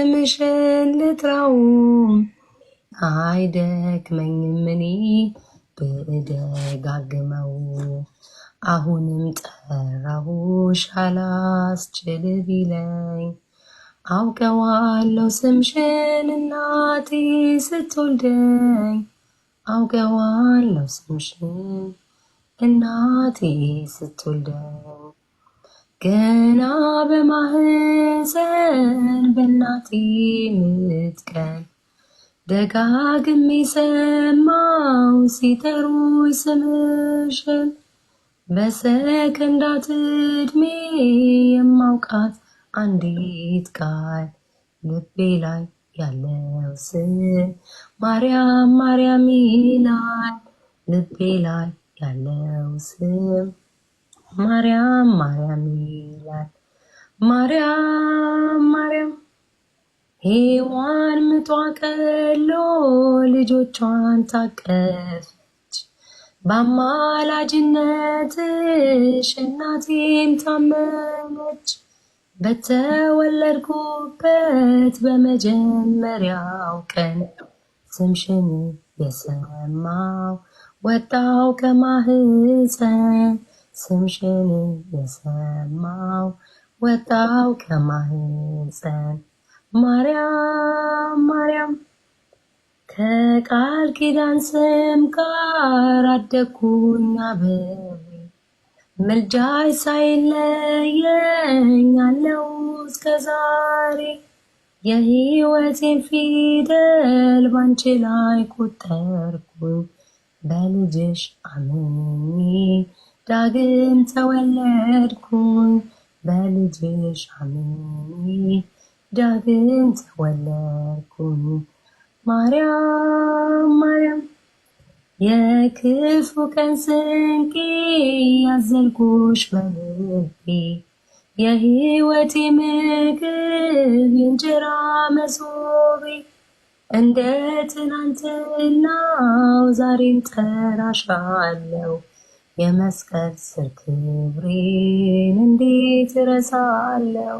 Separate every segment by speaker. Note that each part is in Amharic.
Speaker 1: ስምሽን ልጥራው አይደክመኝም እኔ ብደጋግመው አሁንም ጠራሁሽ አላስችል ቢለኝ አውቀዋለሁ ስምሽን እናቴ ስትወልደኝ አውቀዋለሁ ስምሽን እናቴ ስትወልደኝ ገና በማህፀን በእናቴ ምጥ ቀን ደጋግሜ ሰማው ሲጠሩኝ ስምሽን በሰከንዳት እድሜ የማውቃት አንዲት ቃል ልቤ ላይ ያለው ስም ማርያም ማርያም ይላል ልቤ ላይ ያለው ስም ማርያም ማርያም ይላል ማርያም ማርያም ሔዋን ምጧ ቀሎ ልጆቿን ታቀፈች። በአማላጅነትሽ እናቴም ታመነች በተወለድኩበት በመጀመሪያው ቀን ስምሽን የሰማው ወጣው ከማህፀን ስምሽን እየሰማው ወጣው ከማህፀን ማርያም ማርያም ከቃል ኪዳን ስም ጋር አደግኩኝ አብሬ ምልጃሽ ሳይለየኝ አለው እስከ ዛሬ የሕይወቴን ፊደል ባንቺ ላይ ቆጠርኩኝ በልጅሽ አምኜ ዳግም ተወለድኩኝ በልጅሽ አምኜ ዳግም ተወለድኩኝ ማርያም ማርያም የክፉ ቀን ስንቄ ያዘልኩሽ በልቤ የሕይወቴ ምግብ የእንጀራ መሶቤ እንደ ትናንትናው ዛሬም ጠራሻለው የመስቀል ስር ክብሬን እንዴት እረሳለሁ?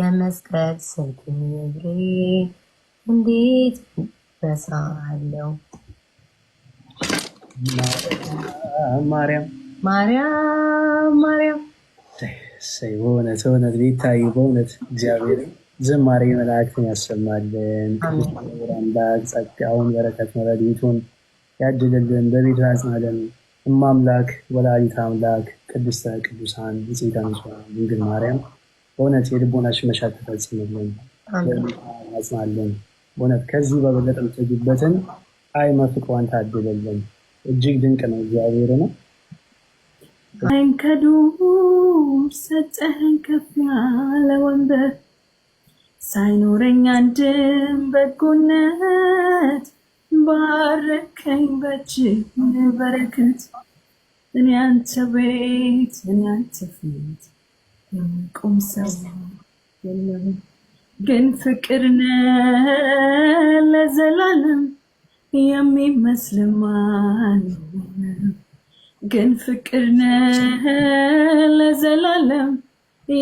Speaker 1: የመስቀል ስር ክብሬን እንዴት እረሳለሁ? ማርያም ማርያም ማርያም
Speaker 2: በእውነት በእውነት ቤታዬ በእውነት እግዚአብሔር ዝማሬ መላእክትን ያሰማልን። አምላክ ጸጋውን በረከት መረድቱን ያድልልን በቤቱ ያጽናልን። እመ አምላክ ወላዲተ አምላክ ቅድስተ ቅዱሳን ንጽሕተ ንጹሐን ድንግል ማርያም በእውነት የልቦናችን መሻት ተፈጽምልን፣ ያጽናልን። በእውነት ከዚህ በበለጠ የምትሄዱበትን ጣዕመ ፍቅሯን ታድለልን። እጅግ ድንቅ ነው እግዚአብሔር ነው።
Speaker 1: አይን ከዱር ሰጠህን ከፍ ያለ ወንበር ሳይኖረኝ አንድም በጎነት ባረከኝ በች በረከት እኔ አንተ ቤት እኔ አንተ ፊት ቁም ሰው የለም ግን ፍቅርነ ለዘላለም የሚመስል ማንም ግን ፍቅርነ ለዘላለም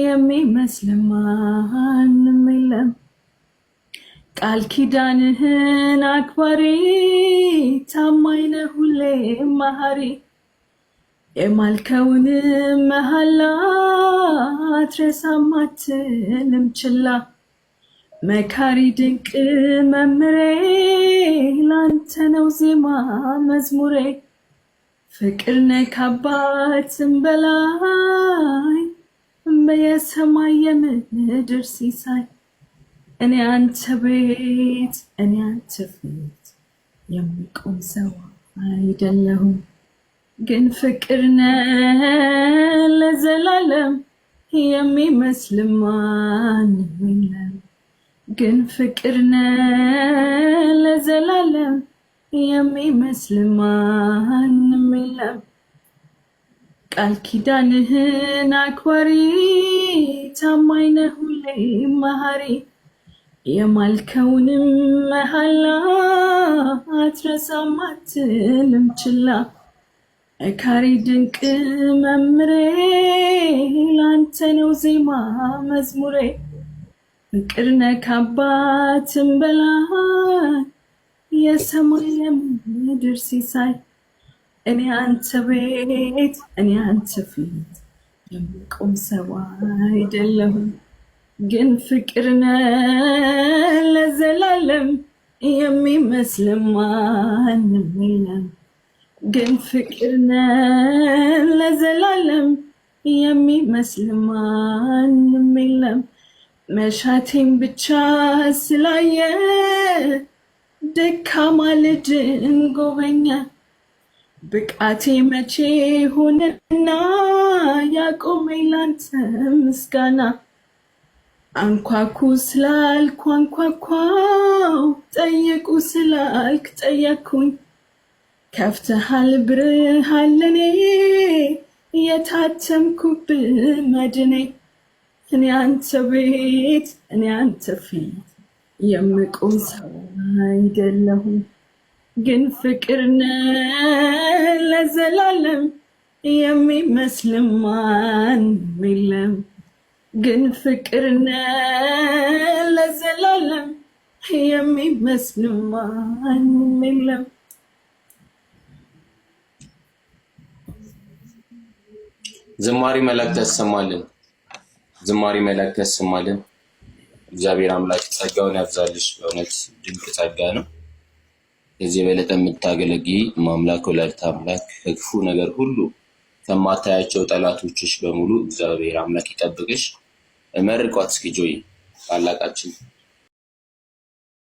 Speaker 1: የሚመስል ማንም የለም። ቃል ኪዳንህን አክባሪ ታማኝ ነህ ሁሌም መሐሪ የማልከውንም መሐላ አትረሳም አትልም ችላ መካሪ ድንቅ መምሬ ላንተ ነው ዜማ መዝሙሬ ፍቅር ነህ ከአባትም በላይ በየሰማይ የምድር ሲሳይ እኔ አንተ ቤት እኔ አንተ ፊት የሚቆም ሰው አይደለሁም፣ ግን ፍቅርነ ለዘላለም የሚመስል ማንም የለም፣ ግን ፍቅርነ ለዘላለም የሚመስል ማንም የለም። ቃል ኪዳንህን አክባሪ ታማኝ ነህ ሁሌ መሐሪ የማልከውንም መሐላ አትረሳም አትልም ችላ ድንቅ መምሬ ላንተ ነው ዜማ መዝሙሬ ፍቅርነ ካባትን በላይ የሰማይ የምድር ሲሳይ እኔ አንተ ቤት እኔ አንተ ፊት የምቆም ሰው አይደለሁም። ግን ፍቅርነ ለዘላለም የሚመስል ማንም የለም። ግን ፍቅርነ ለዘላለም የሚመስል ማንም የለም። መሻቴን ብቻ ስላየ ደካማ ልጅን ጎበኛ ብቃቴ መቼ ሆነና ያቆመኝ ላንተ ምስጋና አንኳኩ ስላልኩ አንኳኳው፣ ጠየቁ ስላልክ ጠየኩኝ። ከፍተሃል ብርሃን ለኔ የታተምኩብህ መድኔ። እኔ አንተ ቤት እኔ አንተ ፊት የምቆም ሰው አይደለሁም፣ ግን ፍቅርነ ለዘላለም የሚመስል ማንም የለም። ግን ፍቅርነ ለዘላለም የሚመስል ማንም የለም።
Speaker 2: ዝማሬ መላእክት ያሰማልን። ዝማሬ መላእክት ያሰማልን። እግዚአብሔር አምላክ ጸጋውን ያብዛልሽ። በእውነት ድንቅ ጸጋ ነው። ከዚህ የበለጠ የምታገለግይ ማምላክ ወላዲተ አምላክ ከክፉ ነገር ሁሉ ከማታያቸው ጠላቶችሽ በሙሉ እግዚአብሔር አምላክ ይጠብቅሽ። መርቋት እስኪ ጆይ ታላቃችን